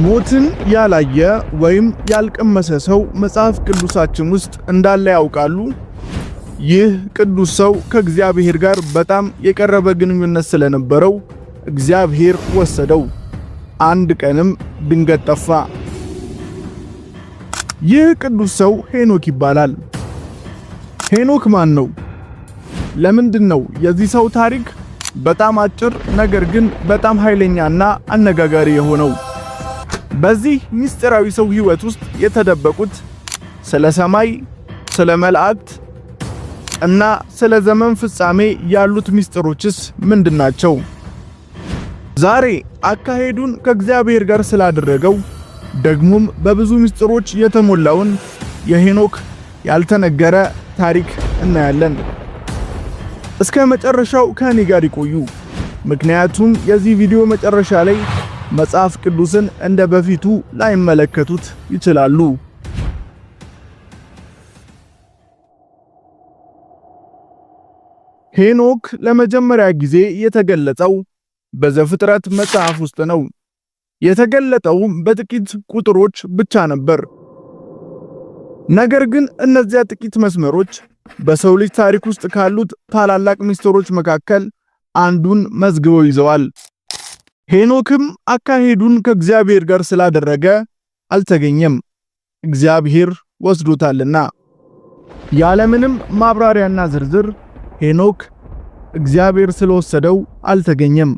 ሞትን ያላየ ወይም ያልቀመሰ ሰው መጽሐፍ ቅዱሳችን ውስጥ እንዳለ ያውቃሉ? ይህ ቅዱስ ሰው ከእግዚአብሔር ጋር በጣም የቀረበ ግንኙነት ስለነበረው እግዚአብሔር ወሰደው፣ አንድ ቀንም ድንገት ጠፋ። ይህ ቅዱስ ሰው ሄኖክ ይባላል። ሄኖክ ማን ነው? ለምንድን ነው የዚህ ሰው ታሪክ በጣም አጭር ነገር ግን በጣም ኃይለኛና አነጋጋሪ የሆነው? በዚህ ምስጢራዊ ሰው ህይወት ውስጥ የተደበቁት ስለ ሰማይ፣ ስለ መላእክት እና ስለ ዘመን ፍጻሜ ያሉት ምስጢሮችስ ምንድን ዛሬ አካሄዱን ከእግዚአብሔር ጋር ስላደረገው ደግሞም በብዙ ምስጢሮች የተሞላውን የሄኖክ ያልተነገረ ታሪክ እናያለን። እስከ መጨረሻው ከኔ ጋር ይቆዩ፣ ምክንያቱም የዚህ ቪዲዮ መጨረሻ ላይ መጽሐፍ ቅዱስን እንደ በፊቱ ላይመለከቱት ይችላሉ። ሄኖክ ለመጀመሪያ ጊዜ የተገለጸው በዘፍጥረት መጽሐፍ ውስጥ ነው። የተገለጠው በጥቂት ቁጥሮች ብቻ ነበር። ነገር ግን እነዚያ ጥቂት መስመሮች በሰው ልጅ ታሪክ ውስጥ ካሉት ታላላቅ ሚስጥሮች መካከል አንዱን መዝግበው ይዘዋል። ሄኖክም አካሄዱን ከእግዚአብሔር ጋር ስላደረገ አልተገኘም፣ እግዚአብሔር ወስዶታልና። ያለምንም ማብራሪያና ዝርዝር ሄኖክ እግዚአብሔር ስለወሰደው አልተገኘም፣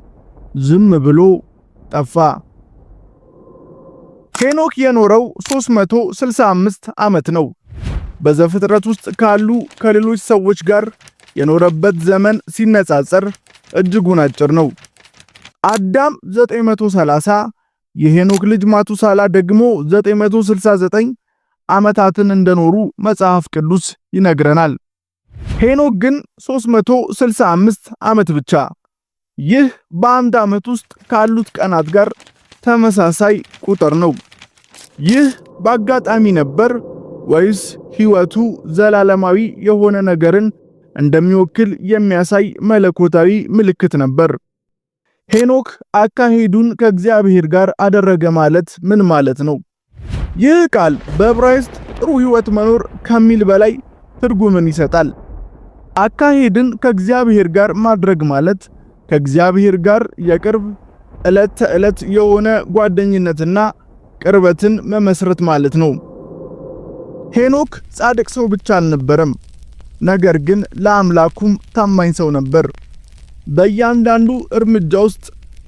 ዝም ብሎ ጠፋ። ሄኖክ የኖረው 365 ዓመት ነው። በዘፍጥረት ውስጥ ካሉ ከሌሎች ሰዎች ጋር የኖረበት ዘመን ሲነጻጸር እጅጉን አጭር ነው። አዳም 930 የሄኖክ ልጅ ማቱሳላ ደግሞ 969 ዓመታትን እንደኖሩ መጽሐፍ ቅዱስ ይነግረናል። ሄኖክ ግን 365 ዓመት ብቻ። ይህ በአንድ ዓመት ውስጥ ካሉት ቀናት ጋር ተመሳሳይ ቁጥር ነው። ይህ በአጋጣሚ ነበር ወይስ ሕይወቱ ዘላለማዊ የሆነ ነገርን እንደሚወክል የሚያሳይ መለኮታዊ ምልክት ነበር? ሄኖክ አካሄዱን ከእግዚአብሔር ጋር አደረገ ማለት ምን ማለት ነው? ይህ ቃል በዕብራይስጥ ጥሩ ሕይወት መኖር ከሚል በላይ ትርጉምን ይሰጣል። አካሄድን ከእግዚአብሔር ጋር ማድረግ ማለት ከእግዚአብሔር ጋር የቅርብ ዕለት ተዕለት የሆነ ጓደኝነትና ቅርበትን መመስረት ማለት ነው። ሄኖክ ጻድቅ ሰው ብቻ አልነበረም፣ ነገር ግን ለአምላኩም ታማኝ ሰው ነበር። በእያንዳንዱ እርምጃ ውስጥ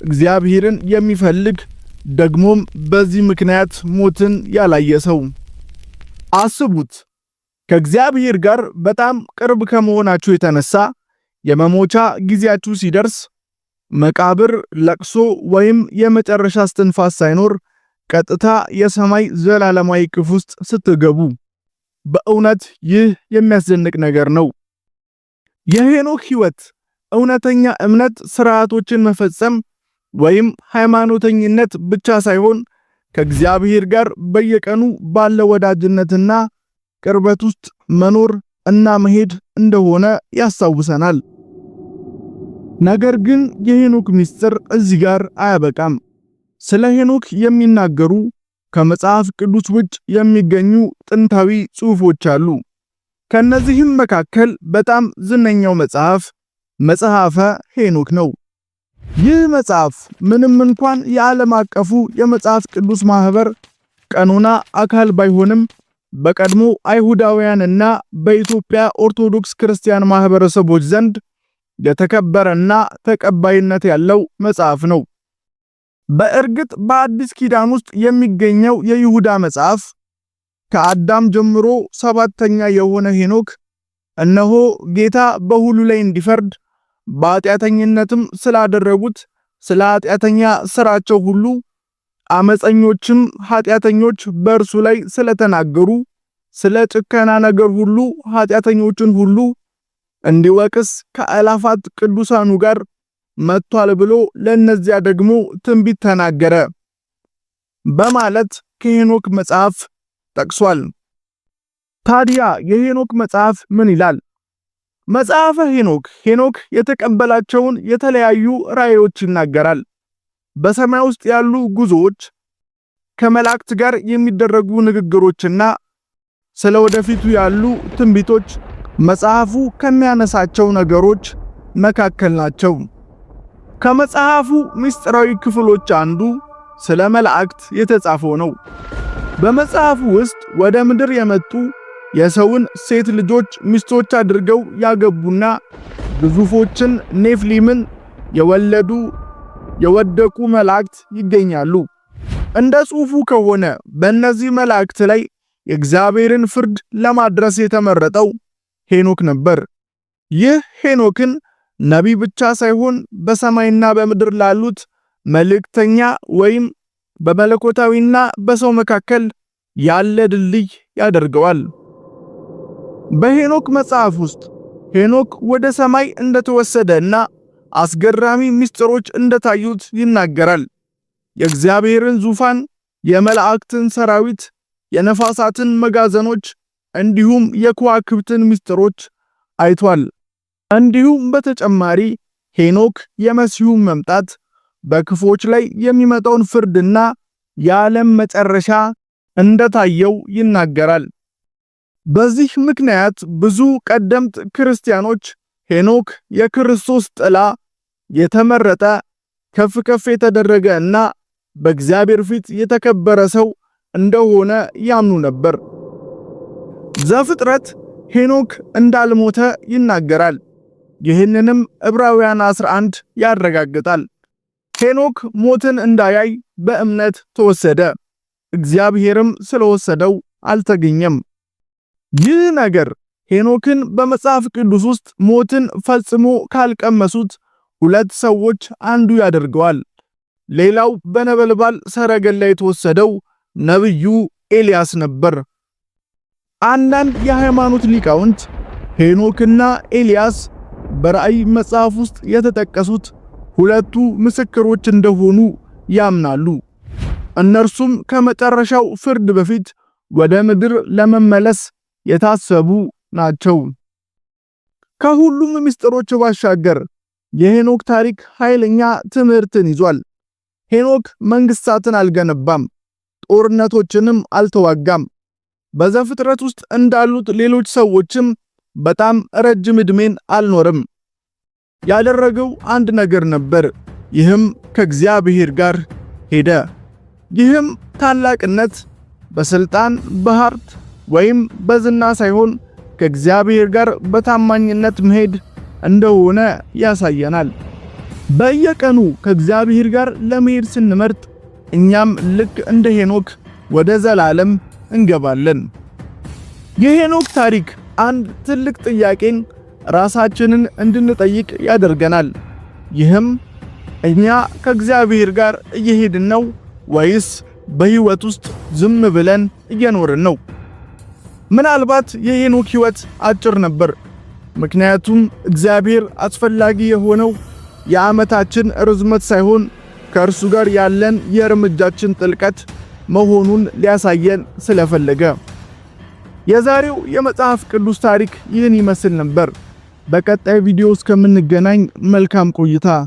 እግዚአብሔርን የሚፈልግ ደግሞም በዚህ ምክንያት ሞትን ያላየ ሰው አስቡት። ከእግዚአብሔር ጋር በጣም ቅርብ ከመሆናችሁ የተነሳ የመሞቻ ጊዜያችሁ ሲደርስ መቃብር፣ ለቅሶ ወይም የመጨረሻ እስትንፋስ ሳይኖር ቀጥታ የሰማይ ዘላለማዊ ቅፍ ውስጥ ስትገቡ በእውነት ይህ የሚያስደንቅ ነገር ነው። የሄኖክ ሕይወት እውነተኛ እምነት ስርዓቶችን መፈጸም ወይም ሃይማኖተኝነት ብቻ ሳይሆን ከእግዚአብሔር ጋር በየቀኑ ባለ ወዳጅነትና ቅርበት ውስጥ መኖር እና መሄድ እንደሆነ ያስታውሰናል። ነገር ግን የሄኖክ ምስጢር እዚህ ጋር አያበቃም። ስለ ሄኖክ የሚናገሩ ከመጽሐፍ ቅዱስ ውጭ የሚገኙ ጥንታዊ ጽሑፎች አሉ። ከነዚህም መካከል በጣም ዝነኛው መጽሐፍ መጽሐፈ ሄኖክ ነው። ይህ መጽሐፍ ምንም እንኳን የዓለም አቀፉ የመጽሐፍ ቅዱስ ማህበር ቀኖና አካል ባይሆንም በቀድሞ አይሁዳውያንና በኢትዮጵያ ኦርቶዶክስ ክርስቲያን ማህበረሰቦች ዘንድ የተከበረና ተቀባይነት ያለው መጽሐፍ ነው። በእርግጥ በአዲስ ኪዳን ውስጥ የሚገኘው የይሁዳ መጽሐፍ ከአዳም ጀምሮ ሰባተኛ የሆነ ሄኖክ እነሆ ጌታ በሁሉ ላይ እንዲፈርድ በኃጢአተኝነትም ስላደረጉት ስለ ኃጢአተኛ ሥራቸው ሁሉ አመፀኞችም ኃጢአተኞች በእርሱ ላይ ስለተናገሩ ስለ ጭከና ነገር ሁሉ ኃጢአተኞችን ሁሉ እንዲወቅስ ከአላፋት ቅዱሳኑ ጋር መጥቷል ብሎ ለእነዚያ ደግሞ ትንቢት ተናገረ በማለት ከሄኖክ መጽሐፍ ጠቅሷል። ታዲያ የሄኖክ መጽሐፍ ምን ይላል? መጽሐፈ ሄኖክ ሄኖክ የተቀበላቸውን የተለያዩ ራእዮች ይናገራል። በሰማይ ውስጥ ያሉ ጉዞዎች፣ ከመላእክት ጋር የሚደረጉ ንግግሮችና ስለ ወደፊቱ ያሉ ትንቢቶች መጽሐፉ ከሚያነሳቸው ነገሮች መካከል ናቸው። ከመጽሐፉ ምስጢራዊ ክፍሎች አንዱ ስለ መላእክት የተጻፈው ነው። በመጽሐፉ ውስጥ ወደ ምድር የመጡ የሰውን ሴት ልጆች ሚስቶች አድርገው ያገቡና ግዙፎችን ኔፍሊምን የወለዱ የወደቁ መላእክት ይገኛሉ። እንደ ጽሑፉ ከሆነ በእነዚህ መላእክት ላይ የእግዚአብሔርን ፍርድ ለማድረስ የተመረጠው ሄኖክ ነበር። ይህ ሄኖክን ነቢይ ብቻ ሳይሆን በሰማይና በምድር ላሉት መልእክተኛ ወይም በመለኮታዊና በሰው መካከል ያለ ድልድይ ያደርገዋል። በሄኖክ መጽሐፍ ውስጥ ሄኖክ ወደ ሰማይ እንደተወሰደ እና አስገራሚ ምስጢሮች እንደታዩት ይናገራል። የእግዚአብሔርን ዙፋን፣ የመላእክትን ሰራዊት፣ የነፋሳትን መጋዘኖች እንዲሁም የከዋክብትን ምስጢሮች አይቷል። እንዲሁም በተጨማሪ ሄኖክ የመሲሁን መምጣት፣ በክፎች ላይ የሚመጣውን ፍርድና የዓለም መጨረሻ እንደታየው ይናገራል። በዚህ ምክንያት ብዙ ቀደምት ክርስቲያኖች ሄኖክ የክርስቶስ ጥላ፣ የተመረጠ ከፍ ከፍ የተደረገ እና በእግዚአብሔር ፊት የተከበረ ሰው እንደሆነ ያምኑ ነበር። ዘፍጥረት ሄኖክ እንዳልሞተ ይናገራል። ይህንንም ዕብራውያን 11 ያረጋግጣል። ሄኖክ ሞትን እንዳያይ በእምነት ተወሰደ፣ እግዚአብሔርም ስለወሰደው አልተገኘም። ይህ ነገር ሄኖክን በመጽሐፍ ቅዱስ ውስጥ ሞትን ፈጽሞ ካልቀመሱት ሁለት ሰዎች አንዱ ያደርገዋል። ሌላው በነበልባል ሰረገላ የተወሰደው ነብዩ ኤልያስ ነበር። አንዳንድ የሃይማኖት ሊቃውንት ሄኖክና ኤልያስ በራእይ መጽሐፍ ውስጥ የተጠቀሱት ሁለቱ ምስክሮች እንደሆኑ ያምናሉ። እነርሱም ከመጨረሻው ፍርድ በፊት ወደ ምድር ለመመለስ የታሰቡ ናቸው። ከሁሉም ምስጢሮች ባሻገር የሄኖክ ታሪክ ኃይለኛ ትምህርትን ይዟል። ሄኖክ መንግስታትን አልገነባም፣ ጦርነቶችንም አልተዋጋም። በዘፍጥረት ውስጥ እንዳሉት ሌሎች ሰዎችም በጣም ረጅም ዕድሜን አልኖርም። ያደረገው አንድ ነገር ነበር፣ ይህም ከእግዚአብሔር ጋር ሄደ። ይህም ታላቅነት በስልጣን በሀብት ወይም በዝና ሳይሆን ከእግዚአብሔር ጋር በታማኝነት መሄድ እንደሆነ ያሳየናል። በየቀኑ ከእግዚአብሔር ጋር ለመሄድ ስንመርጥ እኛም ልክ እንደ ሄኖክ ወደ ዘላለም እንገባለን። የሄኖክ ታሪክ አንድ ትልቅ ጥያቄን ራሳችንን እንድንጠይቅ ያደርገናል። ይህም እኛ ከእግዚአብሔር ጋር እየሄድን ነው ወይስ በሕይወት ውስጥ ዝም ብለን እየኖርን ነው? ምናልባት የሄኖክ ሕይወት አጭር ነበር። ምክንያቱም እግዚአብሔር አስፈላጊ የሆነው የዓመታችን ርዝመት ሳይሆን ከእርሱ ጋር ያለን የእርምጃችን ጥልቀት መሆኑን ሊያሳየን ስለፈለገ። የዛሬው የመጽሐፍ ቅዱስ ታሪክ ይህን ይመስል ነበር። በቀጣይ ቪዲዮ እስከምንገናኝ መልካም ቆይታ